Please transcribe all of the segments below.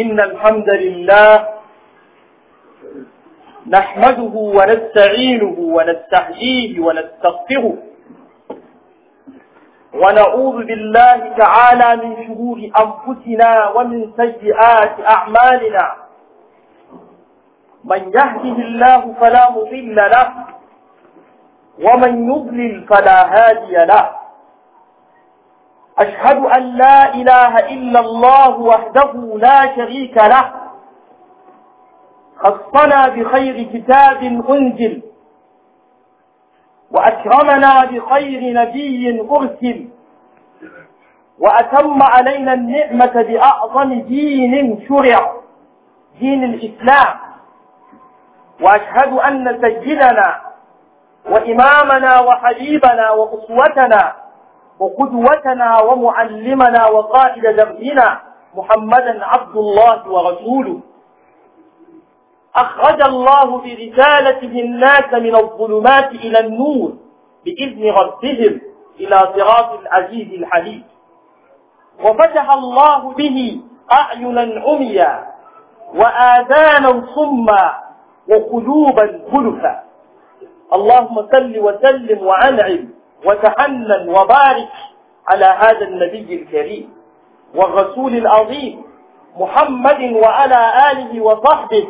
إن الحمد لله نحمده ونستعينه ونستحييه ونستغفره ونعوذ بالله تعالى من شرور أنفسنا ومن سيئات أعمالنا من يهده الله فلا مضل له ومن يضلل فلا هادي له أشهد أن لا إله إلا الله وحده لا شريك له خصنا بخير كتاب أنزل وأكرمنا بخير نبي أرسل وأتم علينا النعمة بأعظم دين شرع دين الإسلام وأشهد أن سيدنا وإمامنا وحبيبنا وأسوتنا وقدوتنا ومعلمنا وقائد دربنا محمدا عبد الله ورسوله أخرج الله برسالته الناس من الظلمات إلى النور بإذن ربهم إلى صراط العزيز الحميد وفتح الله به أعينا عميا وآذانا صما وقلوبا خلفا اللهم صل وسلم وأنعم وتحنن وبارك على هذا النبي الكريم والرسول العظيم محمد وعلى آله وصحبه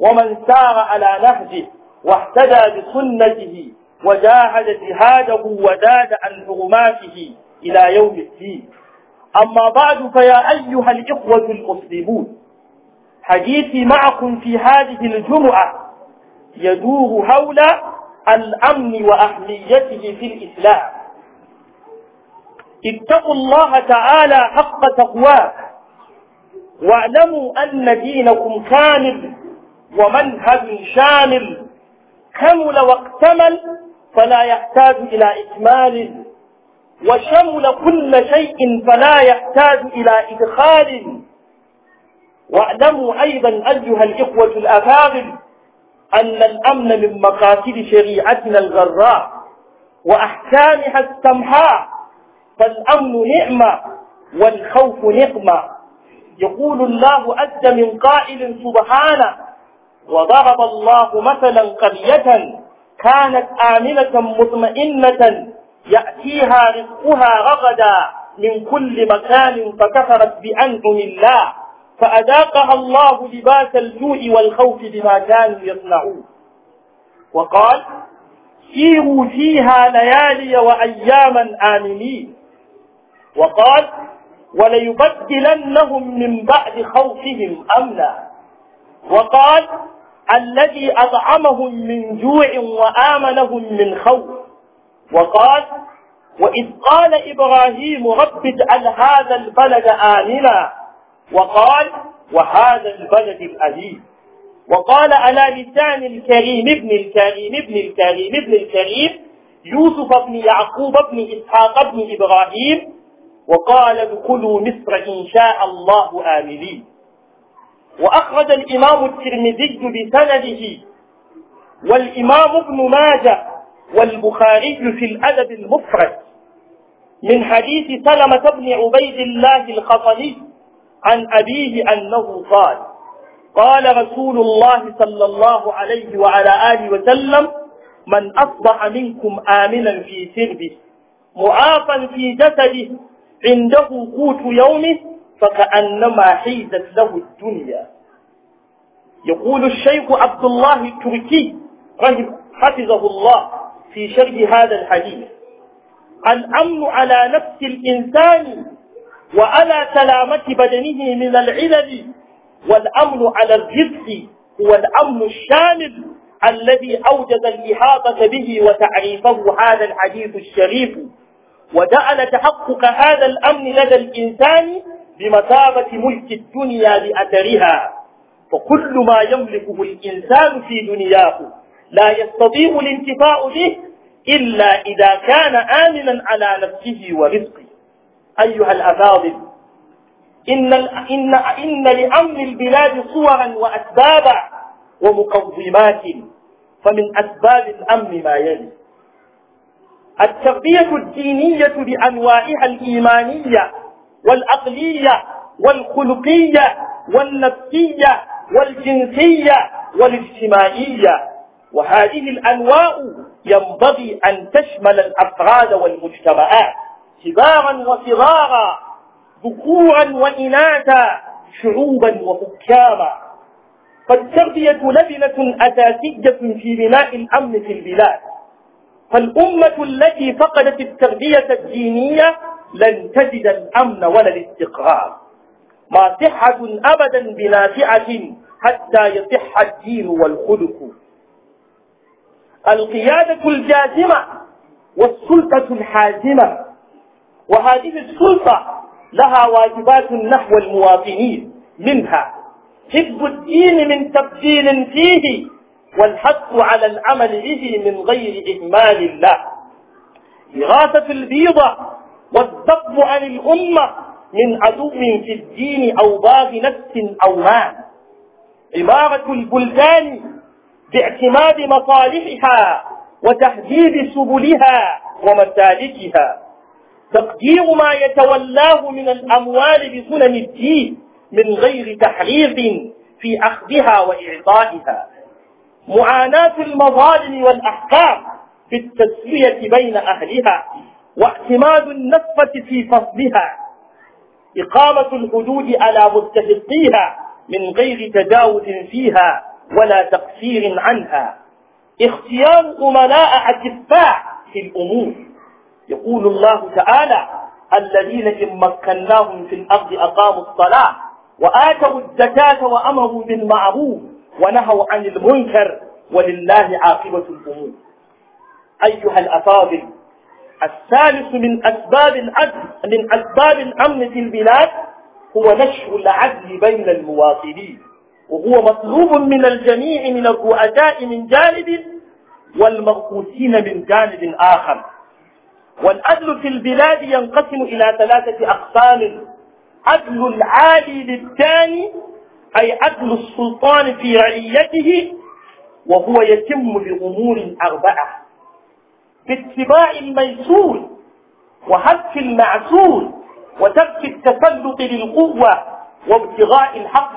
ومن سار على نهجه واهتدى بسنته وجاهد جهاده وداد عن حرماته إلى يوم الدين أما بعد فيا أيها الإخوة المسلمون حديثي معكم في هذه الجمعة يدور حول الأمن وأهميته في الإسلام اتقوا الله تعالى حق تقواه واعلموا أن دينكم كامل ومنهج شامل كمل واكتمل فلا يحتاج إلى إكمال وشمل كل شيء فلا يحتاج إلى إدخال واعلموا أيضا أيها الإخوة الأفاضل أن الأمن من مقاتل شريعتنا الغراء وأحكامها السمحاء فالأمن نعمة والخوف نقمة يقول الله أدى من قائل سبحانه وضرب الله مثلا قرية كانت آمنة مطمئنة يأتيها رزقها رغدا من كل مكان فكفرت بأنعم الله فأذاقها الله لباس الجوع والخوف بما كانوا يصنعون وقال سيروا فيها ليالي وأياما آمنين وقال وليبدلنهم من بعد خوفهم أمنا وقال الذي أطعمهم من جوع وآمنهم من خوف وقال وإذ قال إبراهيم رب اجعل هذا البلد آمنا وقال وهذا البلد الأليم وقال على لسان الكريم ابن الكريم ابن الكريم ابن الكريم يوسف بن يعقوب بن إسحاق بن إبراهيم وقال ادخلوا مصر إن شاء الله آمنين وأخرج الإمام الترمذي بسنده والإمام ابن ماجه والبخاري في الأدب المفرد من حديث سلمة بن عبيد الله الخطني عن أبيه أنه قال قال رسول الله صلى الله عليه وعلى آله وسلم من أصبح منكم آمنا في سربه معافا في جسده عنده قوت يومه فكأنما حيزت له الدنيا يقول الشيخ عبد الله التركي حفظه الله في شرح هذا الحديث الأمن على نفس الإنسان وعلى سلامة بدنه من العلل والأمن على الرزق هو الأمن الشامل الذي أوجد الإحاطة به وتعريفه هذا الحديث الشريف وجعل تحقق هذا الأمن لدى الإنسان بمثابة ملك الدنيا لأثرها فكل ما يملكه الإنسان في دنياه لا يستطيع الانتفاع به إلا إذا كان آمنا على نفسه ورزقه أيها الأفاضل إن, إن, إن لأمر البلاد صورا وأسبابا ومقومات فمن أسباب الأمر ما يلي التربية الدينية بأنواعها الإيمانية والعقلية والخلقية والنفسية والجنسية والاجتماعية وهذه الأنواع ينبغي أن تشمل الأفراد والمجتمعات كبارا وصغارا ذكورا وإناثا شعوبا وحكاما فالتربية لبنة أساسية في بناء الأمن في البلاد فالأمة التي فقدت التربية الدينية لن تجد الأمن ولا الاستقرار ما صحة أبدا بنافعة حتى يصح الدين والخلق القيادة الجازمة والسلطة الحازمة وهذه السلطة لها واجبات نحو المواطنين منها حفظ الدين من تبديل فيه والحث على العمل به من غير إهمال الله إغاثة البيضة والضب عن الأمة من عدو في الدين أو باغ نفس أو مال عمارة البلدان باعتماد مصالحها وتهديد سبلها ومسالكها تقدير ما يتولاه من الأموال بسنن الدين من غير تحريض في أخذها وإعطائها معاناة المظالم والأحكام في التسوية بين أهلها واعتماد النفة في فصلها إقامة الحدود على مستحقيها من غير تجاوز فيها ولا تقصير عنها اختيار أملاء أكفاء في الأمور يقول الله تعالى الذين إن مكناهم في الأرض أقاموا الصلاة وآتوا الزكاة وأمروا بالمعروف ونهوا عن المنكر ولله عاقبة الأمور أيها الأفاضل الثالث من أسباب العدل من أسباب الأمن في البلاد هو نشر العدل بين المواطنين وهو مطلوب من الجميع من الرؤساء من جانب والمرؤوسين من جانب آخر والأدل في البلاد ينقسم إلى ثلاثة أقسام أدل العالي للثاني أي أدل السلطان في رعيته وهو يتم بأمور أربعة باتباع الميسور وهف المعسول وترك التسلط للقوة وابتغاء الحق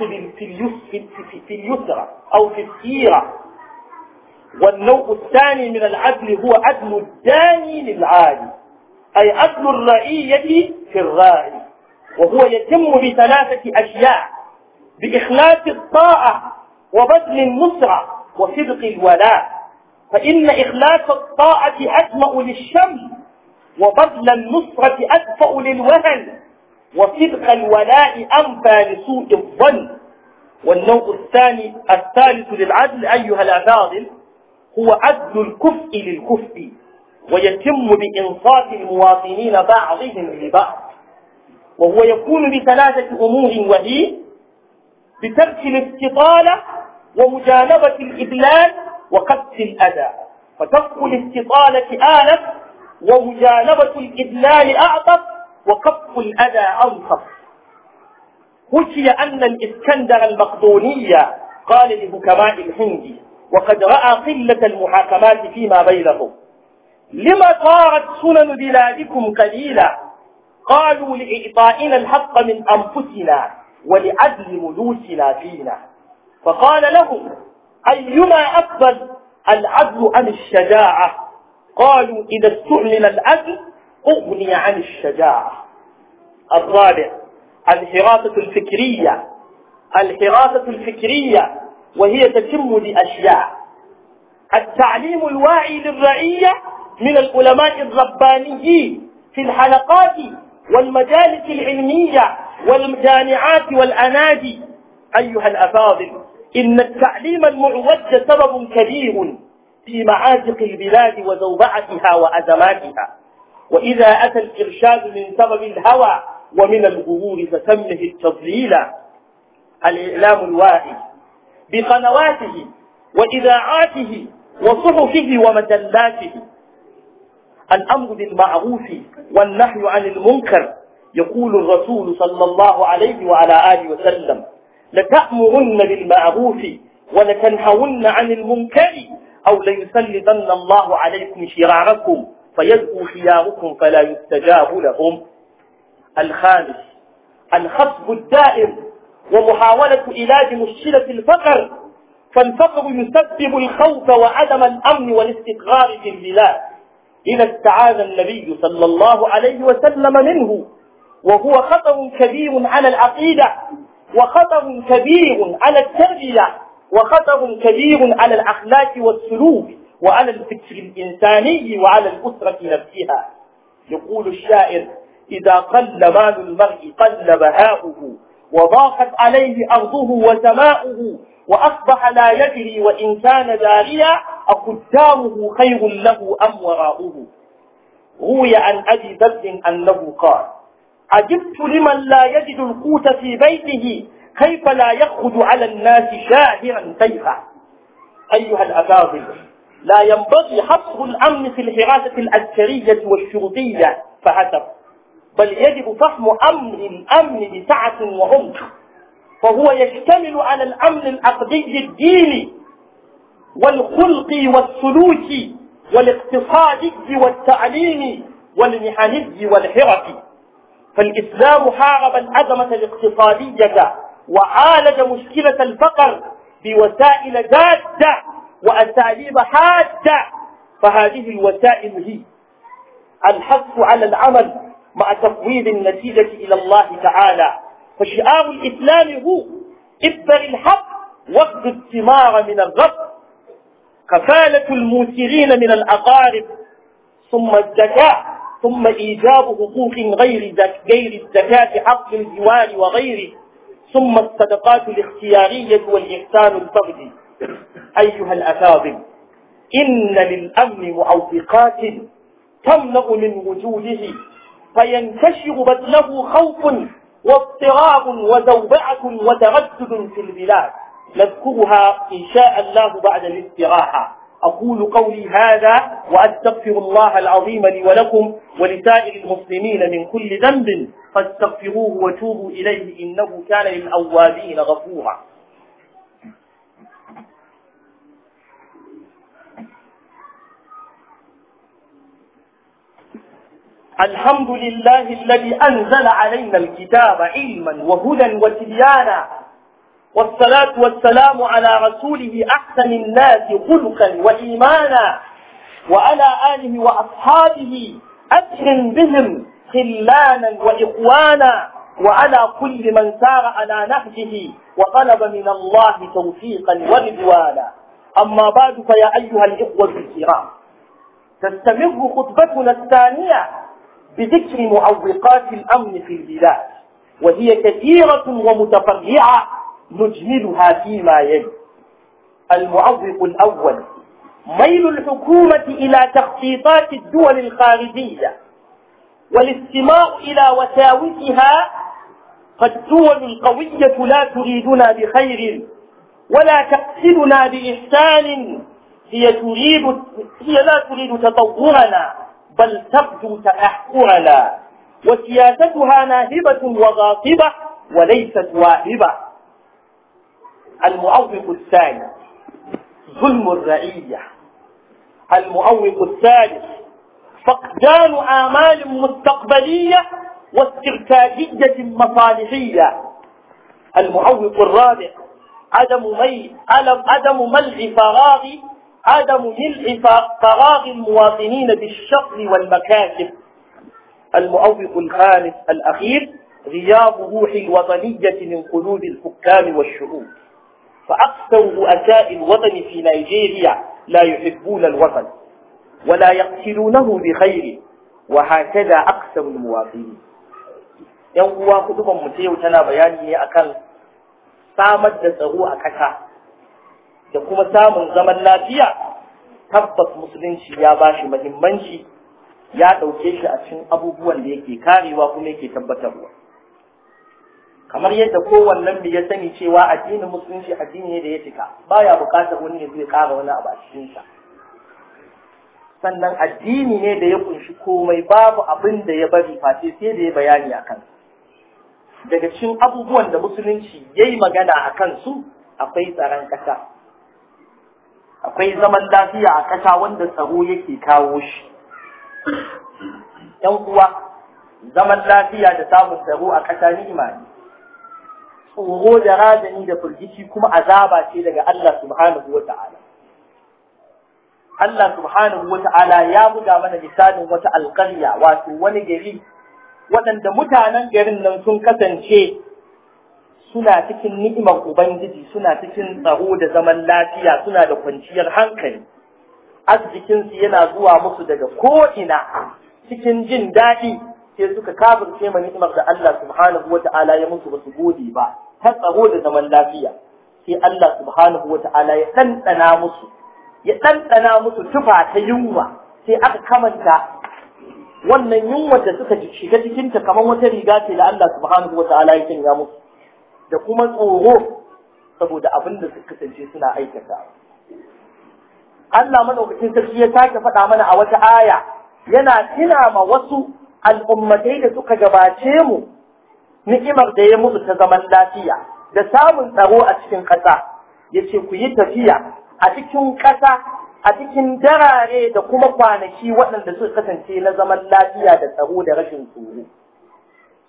في اليسرى أو في السيرة والنوع الثاني من العدل هو عدل الداني للعالي أي عدل الرعية في الرائي وهو يتم بثلاثة أشياء بإخلاص الطاعة وبذل النصرة وصدق الولاء فإن إخلاص الطاعة أجمأ للشمس وبذل النصرة أدفأ للوهن وصدق الولاء أنفى لسوء الظن والنوع الثاني الثالث للعدل أيها الأفاضل هو عدل الكفء للكفء ويتم بإنصاف المواطنين بعضهم لبعض وهو يكون بثلاثة أمور وهي بترك الاستطالة ومجانبة الإذلال وقتل الأذى فترك الاستطالة آلف ومجانبة الإذلال أعطف وقتل الأذى أنصف حكي أن الإسكندر المقدوني قال لحكماء الهند وقد رأى قلة المحاكمات فيما بينهم لما صارت سنن بلادكم قليلة قالوا لإعطائنا الحق من أنفسنا ولعدل ملوكنا فينا فقال لهم أيما أفضل العدل أم الشجاعة قالوا إذا استعلن العدل أغني عن الشجاعة الرابع الحراسة الفكرية الحراسة الفكرية وهي تتم لأشياء التعليم الواعي للرعية من العلماء الربانيين في الحلقات والمجالس العلمية والجامعات والأنادي أيها الأفاضل إن التعليم المعوج سبب كبير في معازق البلاد وزوبعتها وأزماتها وإذا أتى الإرشاد من سبب الهوى ومن الغرور فسمه التضليل الإعلام الواعي بقنواته وإذاعاته وصحفه ومجلاته الأمر بالمعروف والنهي عن المنكر يقول الرسول صلى الله عليه وعلى آله وسلم لتأمرن بالمعروف ولتنهون عن المنكر أو ليسلطن الله عليكم شراركم فيزكو خياركم فلا يستجاب لهم الخامس الخصب الدائم ومحاولة علاج مشكلة الفقر فالفقر يسبب الخوف وعدم الأمن والاستقرار في البلاد إذا استعاذ النبي صلى الله عليه وسلم منه وهو خطر كبير على العقيدة وخطر كبير على التربية وخطر كبير على الأخلاق والسلوك وعلى الفكر الإنساني وعلى الأسرة نفسها يقول الشاعر إذا قل مال المرء قل بهاؤه وضاقت عليه أرضه وسماؤه وأصبح لا يدري وإن كان داريا أقدامه خير له أم وراؤه روي عن أبي بكر أنه قال عجبت لمن لا يجد القوت في بيته كيف لا يخرج على الناس شاهرا سيفا أيها الأفاضل لا ينبغي حفظ الأمن في الحراسة العسكرية والشرطية فحسب بل يجب فهم أمر الأمن بسعة وعمق فهو يشتمل على الأمن العقدي الديني والخلقي والسلوكي والاقتصادي والتعليمي والمهني والحرفي فالإسلام حارب الأزمة الاقتصادية وعالج مشكلة الفقر بوسائل جادة وأساليب حادة فهذه الوسائل هي الحث على العمل مع تفويض النتيجة إلى الله تعالى فشعار الإسلام هو ابتغ الحق واخذ الثمار من الرب كفالة الموسرين من الأقارب ثم الزكاة ثم إيجاب حقوق غير غير الزكاة حق الجوار وغيره ثم الصدقات الاختيارية والإحسان الفردي أيها الأفاضل إن للأمن معوقات تمنع من وجوده فينكشف بدنه خوف واضطراب وزوبعة وتردد في البلاد نذكرها إن شاء الله بعد الاستراحة أقول قولي هذا وأستغفر الله العظيم لي ولكم ولسائر المسلمين من كل ذنب فاستغفروه وتوبوا إليه إنه كان للأوابين غفورا الحمد لله الذي أنزل علينا الكتاب علما وهدى وتبيانا والصلاة والسلام على رسوله أحسن الناس خلقا وإيمانا وعلى آله وأصحابه أكرم بهم خلانا وإخوانا وعلى كل من سار على نهجه وطلب من الله توفيقا ورضوانا أما بعد فيا أيها الإخوة الكرام تستمر خطبتنا الثانية بذكر معوقات الأمن في البلاد وهي كثيرة ومتفرعة نجملها فيما يلي المعوق الأول ميل الحكومة إلى تخطيطات الدول الخارجية والاستماع إلى وساوسها فالدول القوية لا تريدنا بخير ولا تقصدنا بإحسان هي تريد هي لا تريد تطورنا بل تبدو تأحؤلا وسياستها ناهبة وغاصبة وليست واهبة المؤوق الثاني ظلم الرعية المؤوق الثالث فقدان آمال مستقبلية واستراتيجية مصالحية المعوق الرابع عدم مي عدم ملء فراغ عدم ملء فراغ المواطنين بالشغل والمكاسب المؤوق الخامس الأخير غياب روح الوطنية من قلوب الحكام والشعوب فأكثر رؤساء الوطن في نيجيريا لا يحبون الوطن ولا يقتلونه بخير وهكذا أكثر المواطنين yan uwa kuduban mu ta yau tana bayani da kuma samun zaman lafiya tabbas musulunci ya ba shi muhimmanci ya ɗauke shi a cikin abubuwan da yake karewa kuma yake tabbatarwa kamar yadda kowanne mu ya sani cewa addinin musulunci addini ne da ya cika baya buƙatar wani ya zai ƙara wani abu a cikinsa sannan addini ne da ya ƙunshi komai babu abin da ya bari face sai da ya bayani a kan daga cikin abubuwan da musulunci ya yi magana a kansu akwai tsaron ƙasa akwai zaman lafiya a ƙasa wanda tsaro yake kawo shi ɗan uwa zaman lafiya da samun tsaro a kasa ni imani tsoro da razani da firgici kuma azaba ce daga Allah subhanahu wa ta'ala Allah subhanahu wa ta'ala ya buga mana misalin wata alƙarya wato wani gari waɗanda mutanen garin nan sun kasance suna cikin ni'imar ubangiji suna cikin tsaro da zaman lafiya suna da kwanciyar hankali arzikinsu yana zuwa musu daga ko'ina cikin jin daɗi sai suka kafirce ma ni'imar da Allah subhanahu wa ta'ala ya musu ba su gode ba ta tsaro da zaman lafiya sai Allah subhanahu wa ta'ala ya ɗanɗana musu ya ɗanɗana musu tufa ta yunwa sai aka kamanta wannan yunwa da suka shiga cikinta kamar wata riga ce da Allah subhanahu wa ta'ala ya sanya musu da kuma tsoro saboda abin da suka kasance suna aikata Allah madaukakin sarki ya sake faɗa mana a wata aya yana tuna ma wasu al'ummatai da suka gabace mu ni'imar da ya musu ta zaman lafiya da samun tsaro a cikin ƙasa ce ku yi tafiya a cikin ƙasa a cikin darare da kuma kwanaki waɗanda suka kasance na zaman lafiya da tsaro da rashin tsoro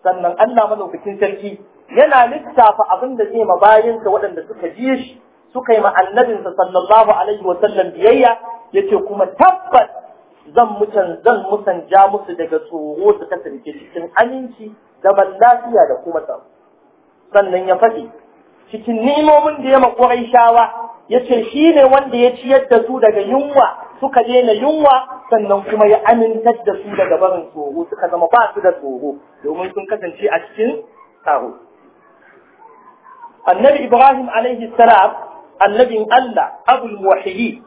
sannan Allah madaukakin sarki yana littafa abin da zai ma bayansa waɗanda suka ji shi suka yi ma annabinsa sallallahu alaihi wa sallam biyayya yace kuma tabbas zan mutan zan ja musu daga tsoro su kasance cikin aminci da lafiya da kuma tsaro sannan ya faɗi cikin nimomin da ya ma shawa yace shine wanda ya ciyar da su daga yunwa suka daina yunwa sannan kuma ya amintar da su daga barin tsoro suka zama ba su da tsoro domin sun kasance a cikin tsaro annabi ibrahim alaihi salam annabin allah abul muwahhidi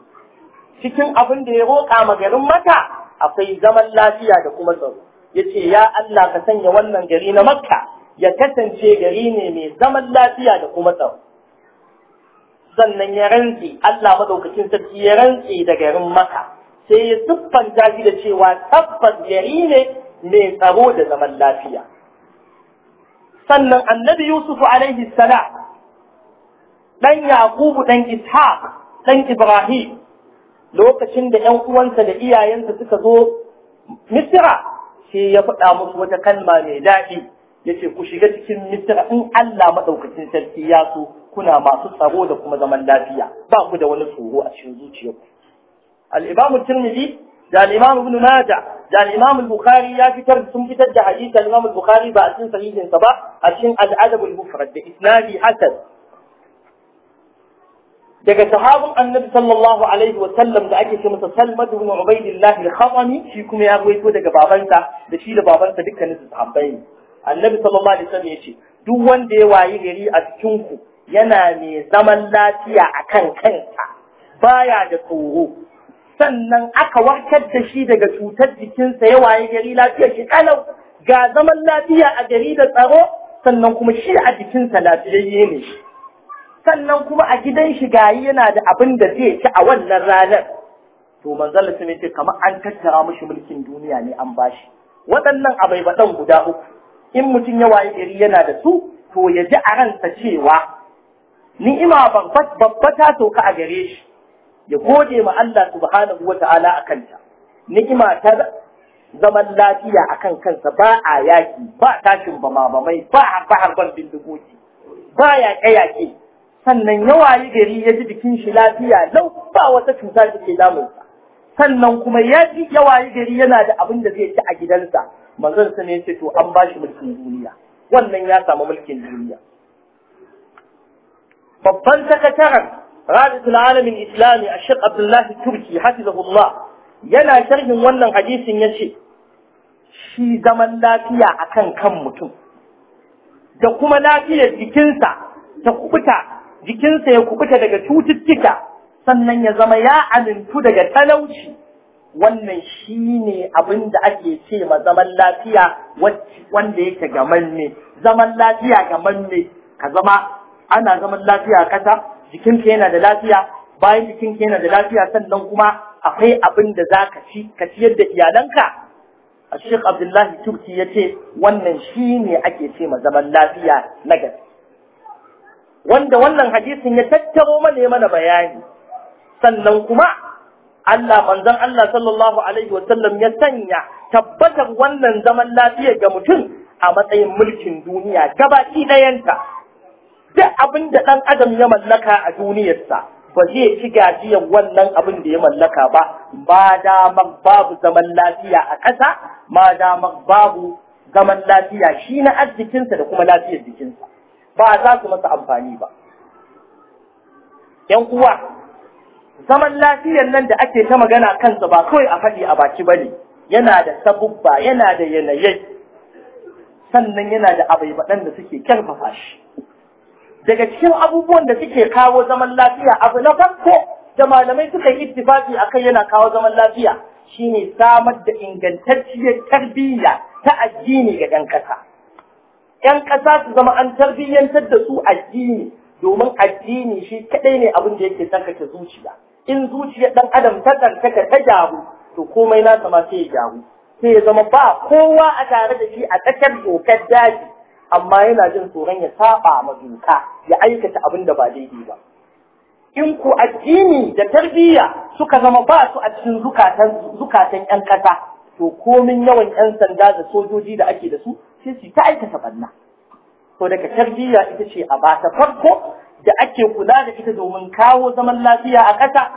cikin abin da ya roƙa ma garin maka akwai zaman lafiya da kuma tsaro yace ya Allah ka sanya wannan gari na makka ya kasance gari ne mai zaman lafiya da kuma tsaro sannan ya rantse Allah madaukakin sarki ya rantse da garin maka. sai ya siffanta shi da cewa tabbas gari ne mai tsaro da zaman lafiya sannan annabi yusuf alaihi salam ɗan Yakubu ɗan Ishaq ɗan Ibrahim lokacin da ‘yan uwansa da iyayensa suka zo Misira sai ya faɗa musu wata kalma mai daɗi ya ce ku shiga cikin Misira in Allah maɗaukacin sarki ya so kuna masu tsaro da kuma zaman lafiya ba ku da wani tsoro a cikin zuciyarku. Al'imamu Tirmidhi da al'imamu Ibn Majah da al'imamu Bukhari ya fitar sun fitar da hadisi al'imamu Bukhari ba a cikin sahihinsa ba a cikin al'adabul mufrad da isnadi hasan daga sahabin annabi sallallahu alaihi wa sallam da ake ce masa Salma ibn Ubaidillah al shi kuma ya goyito daga babansa da shi da babansa dukkanin su sahabbai annabi sallallahu alaihi wa sallam yace duk wanda ya wayi gari a cikin ku yana mai zaman lafiya a kan kansa baya da tsoro sannan aka warkar da shi daga cutar jikinsa ya wayi gari lafiya shi kalau ga zaman lafiya a gari da tsaro sannan kuma shi a jikinsa lafiyayye ne shi sannan kuma a gidan shi gayi yana da abin da zai ci a wannan ranar to manzon Allah ce kamar an tattara mashi mulkin duniya ne an bashi waɗannan abai guda uku in mutum ya waye gari yana da su to ya ji a ransa cewa ni'ima babba ta sauka a gare shi ya gode ma Allah subhanahu wa ta'ala a kanta ima ta zaman lafiya akan kansa ba a yaki ba tashin ba bamai ba harba harban bindigogi ba yaƙe yaƙe sannan yawayi gari ya ji jikin shi lafiya lau ba wata cuta da ke damunsa sannan kuma ya ji yawayi gari yana da abin da zai ci a gidansa manzon sa ne ce to an bashi mulkin duniya wannan ya samu mulkin duniya babban sakataren radisul alamin islami a shek abdullahi turki hafizahullah yana sharhin wannan hadisin ce, shi zaman lafiya akan kan mutum da kuma lafiyar jikinsa ta kubuta jikinsa ya kubuta daga cututtuka sannan ya zama ya amintu daga talauci wannan shi ne abin da ake ce ma zaman lafiya wanda yake ne. zaman lafiya ne, ka zama ana zaman lafiya kasa jikinka yana da lafiya bayan jikinka yana da lafiya sannan kuma akwai abin da za ka ci ka ciyar da iyalanka a Sheikh Abdullahi Turki ya ce wannan shi ne ake ce ma zaman lafiya na gaske wanda wannan hadisin ya tattaro mana mana bayani sannan kuma Allah manzon Allah sallallahu alaihi wa sallam ya sanya tabbatar wannan zaman lafiya ga mutum a matsayin mulkin duniya gabaki ɗayanta duk abin da dan adam ya mallaka a duniyarsa ba zai ci gajiyar wannan abin da ya mallaka ba Ba damar babu zaman lafiya a ƙasa ma damar babu zaman lafiya shi na arzikinsa da kuma lafiyar jikinsa ba za su masa amfani ba ‘yan uwa zaman lafiyar nan da ake ta magana kansa ba kawai a faɗi a baki ba ne yana da sabubba yana da yanayi sannan yana da abai baɗan da suke ƙarfafa shi daga cikin abubuwan da suke kawo zaman lafiya abu na farko da malamai suka yi a akan yana kawo zaman lafiya shine samar da ingantacciyar tarbiyya ta addini ga ɗan ƙasa 'yan ƙasa su zama an tarbiyyantar da su addini domin addini shi kaɗai ne abin da yake tsarkake zuciya in zuciya ɗan adam ta tsarkaka ta gyaru to komai nasa ma sai ya gyaru sai ya zama ba kowa a tare da shi a tsakar dokar daji amma yana jin tsoron ya saba ma doka ya aikata abin da ba daidai ba in ku addini da tarbiyya suka zama ba su a cikin zukatan yan ƴan ƙasa to komin yawan yan sanda da sojoji da ake da su sai su ta aikata banna to daga tarbiyya ita ce a ba ta farko da ake kula da ita domin kawo zaman lafiya a ƙasa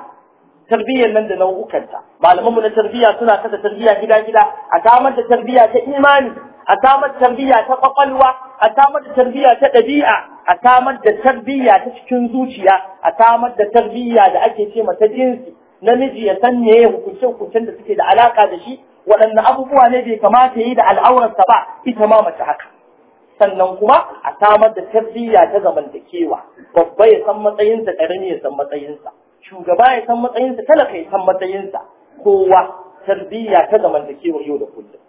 tarbiyyar nan da nau'ukanta malamanmu na tarbiyya suna kasa tarbiyya gida gida a samar da tarbiyya ta imani a samar da tarbiyya ta kwakwalwa a samar da tarbiyya ta ɗabi'a a samar da tarbiyya ta cikin zuciya a samar da tarbiyya da ake ce mata jinsi namiji ya san meye hukunce hukuncen da suke da alaka da shi waɗanne abubuwa ne bai kamata yi da al'aurarsa ba ita ma mace haka sannan kuma a samar da tarbiyya ta zamantakewa babba ya san matsayinsa ƙarami ya san matsayinsa shugaba ya san matsayinsa talaka ya san matsayinsa kowa tarbiyya ta zamantakewa yau da kullum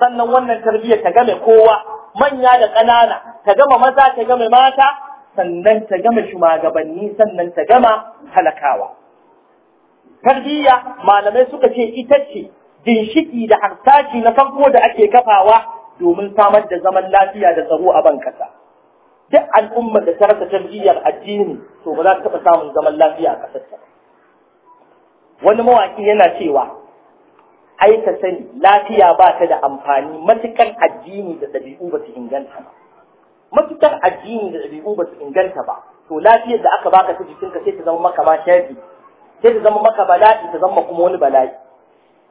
sannan wannan tarbiyya ta game kowa manya da ƙanana ta gama maza ta game mata sannan ta gama shumagabanni, sannan ta gama talakawa tarbiyya malamai suka ce ita ce ginshiki da harsashi na farko da ake kafawa domin samar da zaman lafiya da tsaro a ban duk al'ummar da ta rasa tarbiyyar addini to ba za ta taɓa samun zaman lafiya a ƙasar ta wani mawaƙi yana cewa ai ka sani lafiya ba ta da amfani matuƙar addini da ɗabi'u ba su inganta ba matuƙar addini da ɗabi'u ba su inganta ba to lafiyar da aka baka ta jikinka sai ta zama maka ma shafi sai ta zama maka bala'i ta zama kuma wani bala'i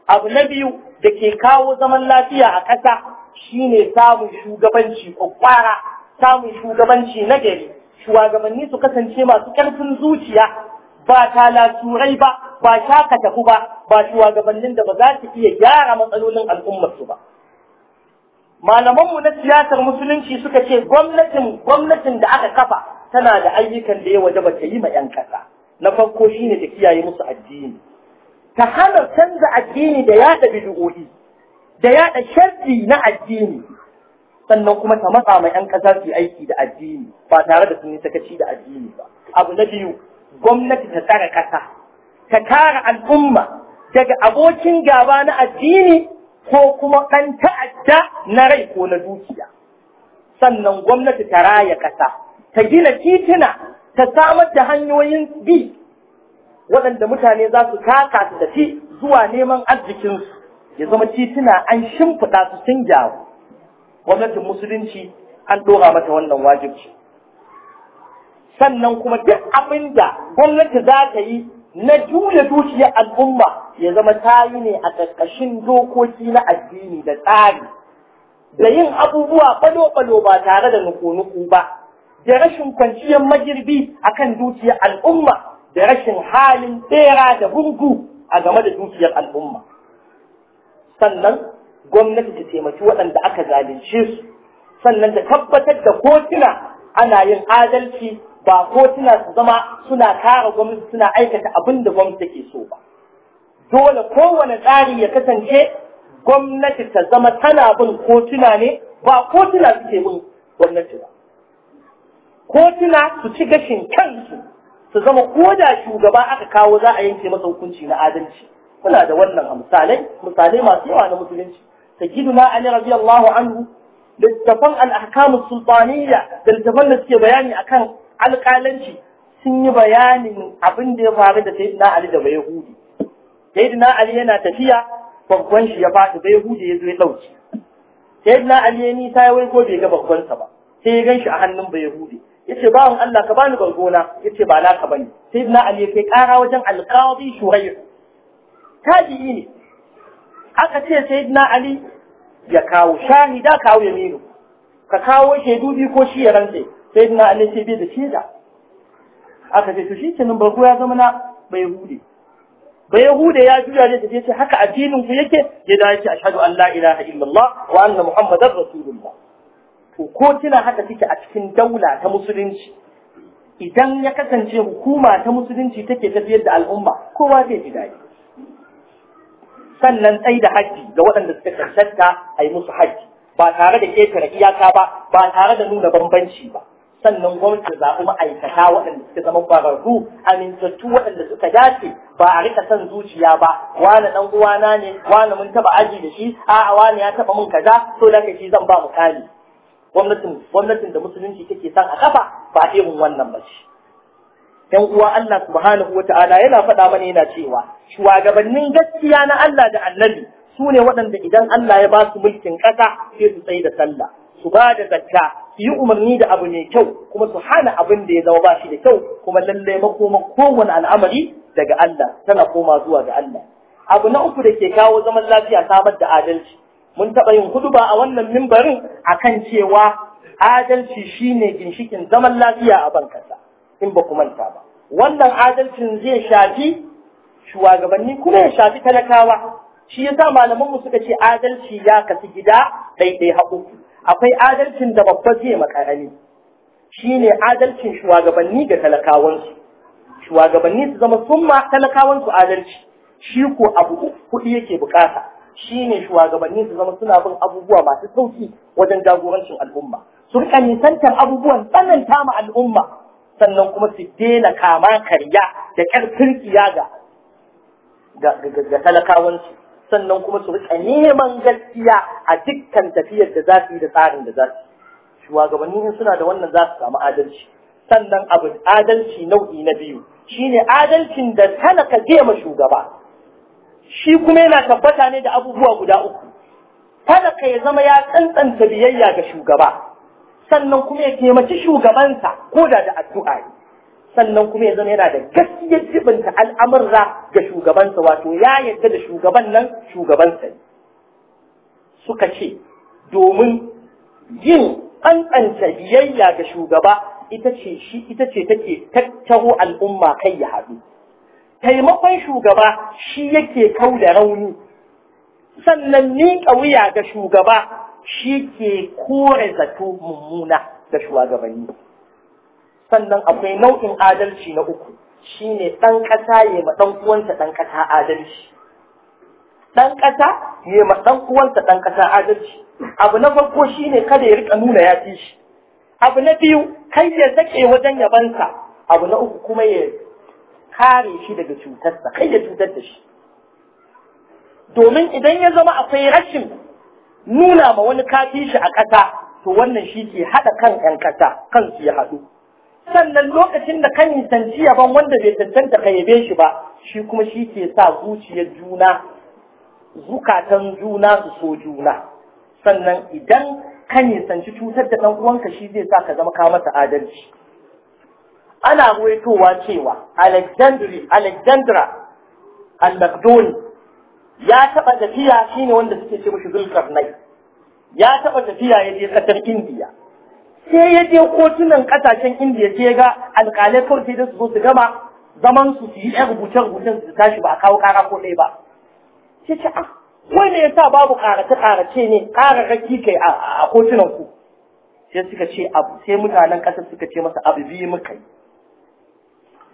abu na biyu da ke kawo zaman lafiya a ƙasa shine samun shugabanci kwakwara samun shugabanci na gari shugabanni su kasance masu ƙarfin zuciya ba turai ba ba shaka tafi ba ba shugabannin da ba za su iya gyara matsalolin al'ummarsu ba malamanmu na siyasar musulunci suka ce gwamnatin gwamnatin da aka kafa tana da ayyukan da ya waje ba ta yi ma 'yan ƙasa na farko shine da kiyaye musu addini ta hana canza addini da yaɗa bid'o'i da yaɗa sharri na addini sannan kuma ta matsa mai ‘yan ƙasa su aiki da addini ba tare da sun yi sakaci da addini ba. Abu na biyu, gwamnati ta tsara ƙasa, ta kare al'umma daga abokin gaba na addini ko kuma ɗan ta'adda na rai ko na dukiya. Sannan gwamnati ta raya ƙasa, ta gina titina, ta samar da hanyoyin bi waɗanda mutane za su kaka su tafi zuwa neman arzikinsu ya zama tituna an shimfiɗa su sun gyaru gwamnatin musulunci an ɗora mata wannan wajibci sannan kuma duk abin da gwamnati za ta yi na juya dukiyar al'umma ya zama ta yi ne a ƙarƙashin dokoki na addini da tsari da yin abubuwa ɓalo-ɓalo ba tare da nuku-nuku ba da rashin kwanciyar magirbi akan dukiyar al'umma da rashin halin bera da gurgu a game da dukiyar al'umma sannan gwamnati ta taimaki waɗanda aka zalunce su sannan ta tabbatar da kotuna ana yin adalci ba kotuna su zama suna kara gwamnati suna aikata abin da gwamnati take so ba dole kowane tsari ya kasance gwamnati ta zama tana bin kotuna ne ba kotuna suke bin gwamnati ba kotuna su ci gashin kansu su zama ko da shugaba aka kawo za a yanke masa hukunci na adalci muna da wannan a misalai misalai masu yawa na musulunci na ali radiyallahu anhu littafan al-ahkamu da littafan da suke bayani akan alƙalanci sun yi bayanin abin da ya faru da na ali da bai bayahudi na ali yana tafiya babban shi ya faɗi hudu ya zo ya ɗauki na ali ya nisa ya wai ko bai ga babban sa ba sai ya gan shi a hannun bai hudu yace bawan Allah ka bani bargona yace ba naka bane sayyidina ali ya kai kara wajen alqadi shurayh tabi'i ne aka ce sayyidina ali ya kawo shahida kawo yaminu ka kawo shaidu biyu ko shi ya rantse sayyidina ali sai bai da shaida aka ce to shi kenan bargo ya zama na bai hude ba hude ya juya ne tafiye ce haka addinin ku yake ya dace ashhadu an la ilaha illallah wa anna muhammadar rasulullah to ko kina haka take a cikin daula ta musulunci idan ya kasance hukuma ta musulunci take tafiyar da al'umma kowa zai ji daɗi sannan tsaye da haji ga waɗanda suka cancanta a yi musu haji ba tare da ƙetare iyaka ba ba tare da nuna bambanci ba sannan gwamnati ta zaɓi ma'aikata waɗanda suka zama ƙwararru amintattu waɗanda suka dace ba a rika son zuciya ba wani ɗan uwana ne wani mun taɓa aji da shi a'a wani ya taɓa mun kaza so da shi zan ba mu kali gwamnatin da musulunci take san a kafa ba a irin wannan ba ce yan uwa Allah subhanahu ta'ala yana faɗa mana yana cewa shugabannin gaskiya na Allah da annabi su ne waɗanda idan Allah ya ba su mulkin ƙasa sai su tsaye da sallah su ba da zakka su yi umarni da abu mai kyau kuma su hana abin da ya zama ba shi da kyau kuma lallai makoma kowane al'amari daga Allah tana koma zuwa ga Allah abu na uku da ke kawo zaman lafiya samar da adalci mun taɓa yin hudu ba a wannan mimbarin A kan cewa adalci shine ginshikin zaman lafiya a bankasa in ba ku manta ba wannan adalcin zai shafi shugabanni kuma ya shafi talakawa shi ya malaman malamanmu suka ce adalci ya kasu gida ɗaiɗai haƙu akwai adalcin da babba zai makarani shine adalcin shugabanni ga talakawansu shugabanni su zama sun ma talakawansu adalci shi ko abu kuɗi yake buƙata. shine shugabanni su zama suna bin abubuwa masu sauki wajen jagorancin al'umma su rika nisantar abubuwan tsananta ma al'umma sannan kuma su daina kama karya da ƙarfin kiyaga ga talakawansu sannan kuma su rika neman gaskiya a dukkan tafiyar da za su yi da tsarin da za su shugabanni suna da wannan za su samu adalci sannan abu adalci nau'i na biyu shine adalcin da talaka je ma shugaba shi kuma yana tabbata ne da abubuwa guda uku falaka ya zama ya tsantsanta biyayya ga shugaba sannan kuma ya taimaci shugabansa ko da da addu'a ne sannan kuma ya zama yana da gaskiyar jibinta al'amurra ga shugabansa wato ya yarda da shugaban nan shugabansa ne suka ce domin yin tsantsanta biyayya ga shugaba ita ce ita ce take tattaho al'umma kai ya haɗu taimakon shugaba shi yake kauda rauni sannan niƙa wuya ga shugaba shi ke kore zato mummuna da shugabanni sannan akwai nau'in adalci na uku shi ne ɗan ƙasa ya ma ɗan uwansa ɗan ƙasa adalci ɗan ƙasa ya ma ɗan uwansa ɗan ƙasa adalci abu na farko shi ne kada ya rika nuna ya fi shi abu na biyu kai ya zake wajen yabansa abu na uku kuma ya kare shi daga cutarsa kai da cutar da shi domin idan ya zama akwai rashin nuna ma wani kafi shi a ƙasa to wannan shi ke haɗa kan ƴan ƙasa kansu ya haɗu sannan lokacin da kan nisanci ban wanda bai tantanta ka yabe shi ba shi kuma shi ke sa zuciyar juna zukatan juna su so juna sannan idan ka sanci cutar da ɗan uwanka shi zai sa ka zama ka masa adalci ana ruwaitowa cewa Alexandri Alexandra al ya taba tafiya ne wanda suke ce mishi Zulkarnai ya taba tafiya ya je kasar Indiya sai ya je kotunan ƙasashen Indiya sai ga alƙalai kawai da su zo su gama zaman su su yi ɗan rubuce-rubucen su tashi ba a kawo ƙara ko ɗaya ba sai ce ah wai ne yasa babu ƙarace-ƙarace ne ƙararraki kai a kotunan ku sai suka ce abu sai mutanen ƙasar suka ce masa abu biyu muka yi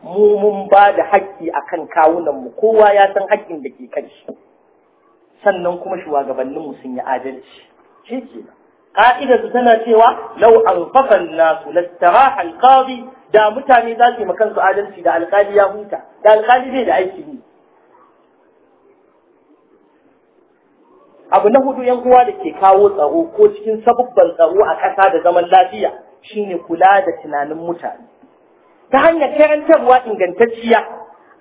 mu mun ba da haƙƙi akan kawunan mu kowa ya san haƙƙin da ke kan shi sannan kuma shugabannin mu sun yi adalci shi ke ka'ida su tana cewa law na nasu lastara da mutane za su yi kansu adalci da alƙali ya huta da alƙali zai da aiki ne abu na hudu yan kowa da ke kawo tsaro ko cikin sabubban tsaro a ƙasa da zaman lafiya shine kula da tunanin mutane ta hanyar karantarwa ingantacciya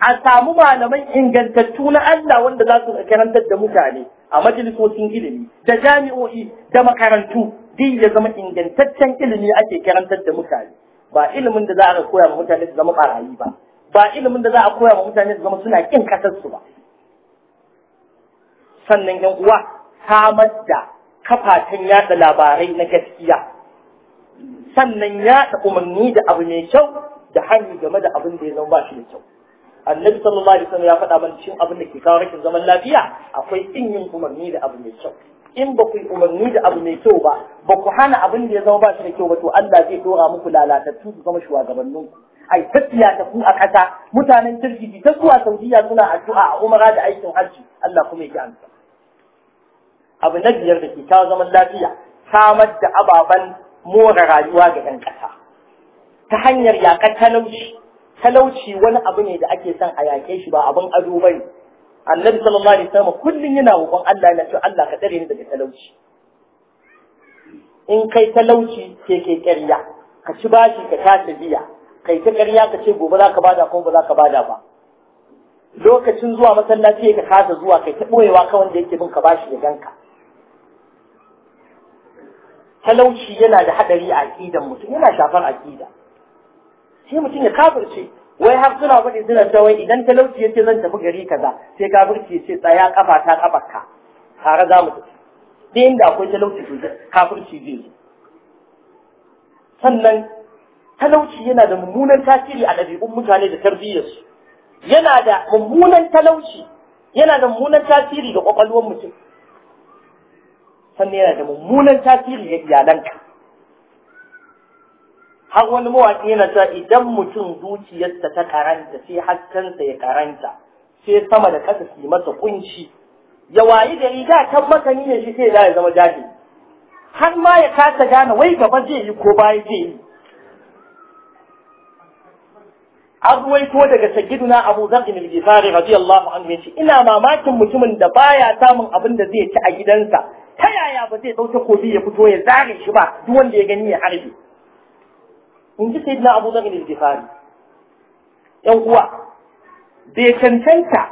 a samu malaman ingantattu na Allah wanda za su karantar da mutane a majalisocin ilimi da jami'o'i da makarantu din ya zama ingantaccen ilimi ake karantar da mutane ba ilimin da za a koya ma mutane su zama barayi ba ba ilimin da za a koya ma mutane su zama suna kin kasar su ba sannan yan uwa samar da kafafen yada labarai na gaskiya sannan yaɗa umarni da abu mai kyau da hani game da abin da ya zama ba shi da kyau annabi sallallahu alaihi wasallam ya faɗa mana cikin abin da ke kawo rashin zaman lafiya akwai in yin umarni da abu mai kyau in ba ku yi umarni da abu mai kyau ba ba ku hana abin da ya zama ba shi da kyau ba to Allah zai dora muku lalatattu su zama shugabannin ku ai tafiya ta ku a ƙasa mutanen turkiji ta zuwa saudiya suna addu'a a umara da aikin hajji Allah kuma ya amsa abu na biyar da ke kawo zaman lafiya samar da ababen more rayuwa ga 'yan ƙasa ta hanyar yaƙar talauci talauci wani abu ne da ake son a yaƙe shi ba abin ado ba ne annabi sallallahu alaihi wasallam kullum yana roƙon Allah yana cewa Allah ka tsare ni daga talauci in kai talauci ke ke ƙarya ka ci bashi ka tashi biya kai ta ƙarya ka ce gobe za ka bada kuma ba za ka bada ba lokacin zuwa masallaci ka kasa zuwa kai ta ɓoyewa ka wanda yake bin ka bashi ya ganka talauci yana da haɗari a aƙidan mutum yana shafar aƙida shi mutum ya kafirce wai har suna faɗi suna tsawon idan talauci ce zan tafi gari kaza sai ya ce tsaya kafa ta ka tare za mu tafi duk inda akwai talauci to kafirce zai yi sannan talauci yana da mummunan tasiri a ɗabi'un mutane da tarbiyyarsu yana da mummunan talauci yana da mummunan tasiri ga ƙwaƙwalwar mutum sannan yana da mummunan tasiri ga iyalanka har wani mawaƙi yana cewa idan mutum zuciyarsa ta karanta sai haskansa ya karanta sai sama da ƙasa su masa kunci ya wayi da riga kan maka niyyar shi sai ya zama jahili har ma ya kasa gane wai gaba zai yi ko baya zai yi an daga sagiduna Abu Zar bin al radiyallahu anhu yace ina mamakin mutumin da baya samun abin da zai ci a gidansa ta yaya ba zai dauke kofi ya fito ya zare shi ba duk wanda ya gani ya harbe inji sai na Abu Dharr iltifari ɗan yan uwa bai cancanta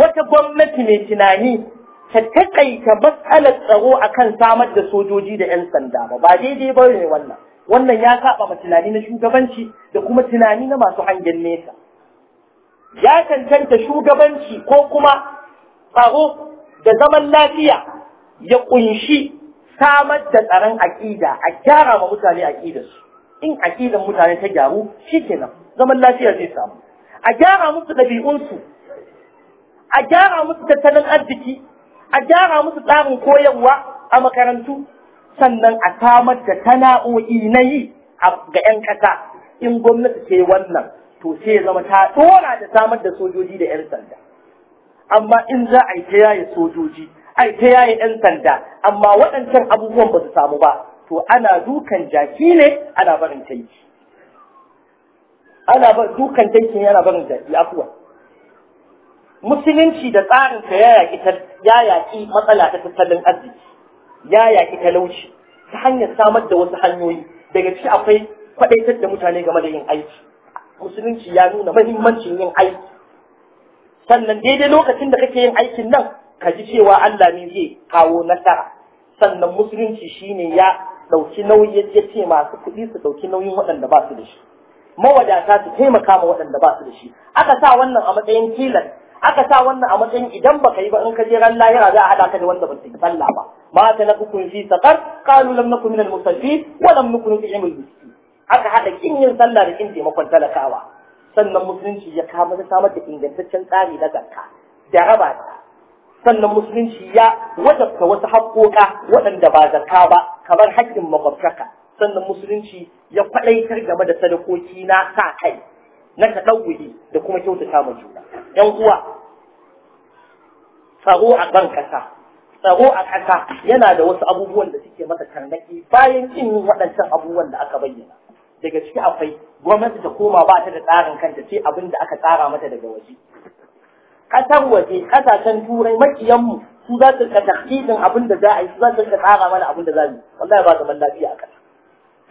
wata gwamnati mai tunani ta taƙaita matsalar tsaro akan samar da sojoji da 'yan sanda ba ba daidai ba ne wannan wannan ya saba ma tunani na shugabanci da kuma tunani na masu hangen nesa ya cancanta shugabanci ko kuma tsaro da zaman lafiya ya ƙunshi samar da tsaron aƙida a gyara ma mutane aƙidarsu in aqidan mutane ta gyaru shi ke nan, zaman lafiya zai samu a gyara musu ɗabi'unsu a gyara musu tattalin arziki a gyara musu tsarin koyarwa a makarantu sannan a samar da sana'o'i na yi ga 'yan ƙasa in gwamnati ce wannan to sai zama ta dora da samar da sojoji da 'yan sanda amma in za a yi ta yaye sojoji a yi ta yaye 'yan sanda amma waɗancan abubuwan ba su samu ba to ana dukan jaki ne ana barin tanki ana ba dukan tanki ne ana barin jaki akuwa. musulunci da tsarin ka ya yaki ya yaki matsala ta tattalin arziki ya yaki talauci ta hanyar samar da wasu hanyoyi daga ci akwai kwadaitar da mutane game da yin aiki musulunci ya nuna mahimmancin yin aiki sannan daidai lokacin da kake yin aikin nan ka ji cewa Allah ne zai kawo nasara sannan musulunci shine ya Dauki nauyi ya ce masu kuɗi su ɗauki nauyin waɗanda ba su da shi mawadata su taimaka ma waɗanda ba su da shi aka sa wannan a matsayin tilas aka sa wannan a matsayin idan baka yi ba in ka je ran lahira za a hada ka da wanda ba su yi sallah ba ma ta nakukum fi sakar, qalu lam nakum min al-musallin wa lam nakun nu'imul miskin aka hada kin yin sallah da kin taimakon talakawa sannan musulunci ya kama da samar da ingantaccen tsari na zakka da raba ta sannan musulunci ya wajabta wasu haƙoƙa waɗanda ba zaka ba kamar haƙƙin makwabtaka sannan musulunci ya kwaɗaitar game da sadakoki na sa kai na taɗawuyi da kuma kyautata ma juna ‘yan uwa tsaro a ban ƙasa tsaro a ƙasa yana da wasu abubuwan da suke masa tarnaƙi bayan kin waɗancan abubuwan da aka bayyana daga ciki akwai gwamnati ta koma ba ta da tsarin kanta sai abin da aka tsara mata daga waje ƙasar waje ƙasashen turai makiyanmu su za su rika abin da za a yi su za su rika tsara mana abin da za mu wallahi ba zaman lafiya a ƙasa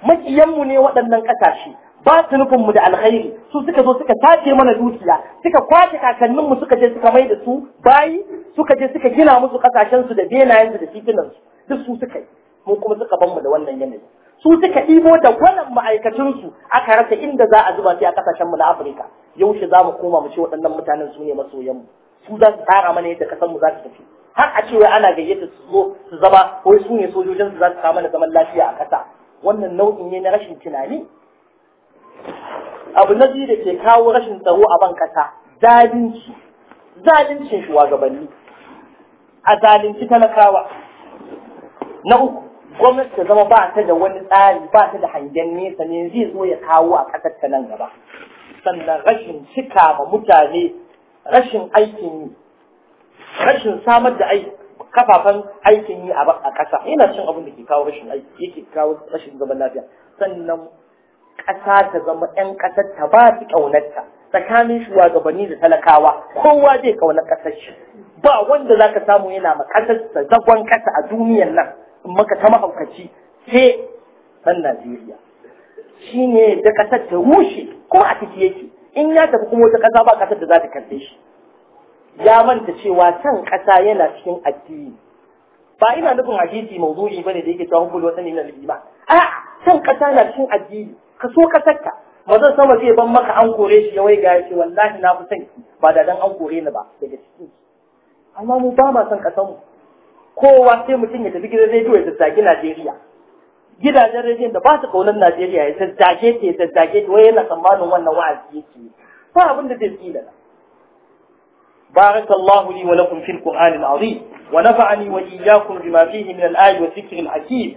makiyanmu ne waɗannan ƙasashe ba su nufin mu da alkhairi su suka zo suka tace mana dukiya suka kwace kakannin mu suka je suka mai da su bayi suka je suka gina musu kasashen su da benayen su da titunan su duk su suka yi mu kuma suka ban mu da wannan yanayi su suka ɗibo da wannan ma'aikacinsu aka rasa inda za a zuba shi a kasashenmu na afirka yaushe za mu koma mu ce waɗannan mutanen su ne masoyanmu su za su tsara mana yadda mu za su tafi har a cewa ana gayyata su zo su zama wai su ne sojojin su za su kawo mana zaman lafiya a ƙasa wannan nau'in ne na rashin tunani abu na biyu da ke kawo rashin tsaro a ban ƙasa zalunci zaluncin shugabanni a zalunci talakawa na uku gwamnati ta zama ba ta da wani tsari ba ta da hangen nesa ne zai zo ya kawo a ƙasar ta nan gaba sannan rashin cika ma mutane rashin aikin yi rashin samar da kafafen aikin yi a ƙasa yana cin abin da ke kawo rashin aiki yake kawo rashin zaman lafiya sannan ƙasa ta zama 'yan ƙasar ta ba su ƙaunarta tsakanin shugabanni da talakawa kowa zai ƙaunar ƙasar shi ba wanda za ka samu yana ma ƙasar sa zagon ƙasa a duniyar nan maka ta mahaukaci sai ɗan Najeriya shi ne da ƙasar ta rushe kuma a ciki yake in ya tafi kuma wata ƙasa ba ƙasar da za ta karɓe shi ya manta cewa san ƙasa yana cikin addini ba ina nufin hadisi mawdu'i bane da yake tawo hubbul watani na al a san ƙasa na cikin addini ka so ƙasar ka mazan sama zai ban maka an kore shi yawai ga shi wallahi na fi ki ba da dan an kore ni ba daga cikin amma mu ba ma san ƙasar mu kowa sai mutum ya tafi gidan rediyo ya tattaki Najeriya gidajen rediyon da ba su kaunar Najeriya ya tattake ta ya tattake ta wai yana tsammanin wannan wa'azi yake ba abin da zai tsila بارك الله لي ولكم في القرآن العظيم ونفعني وإياكم بما فيه من الآي والذكر الحكيم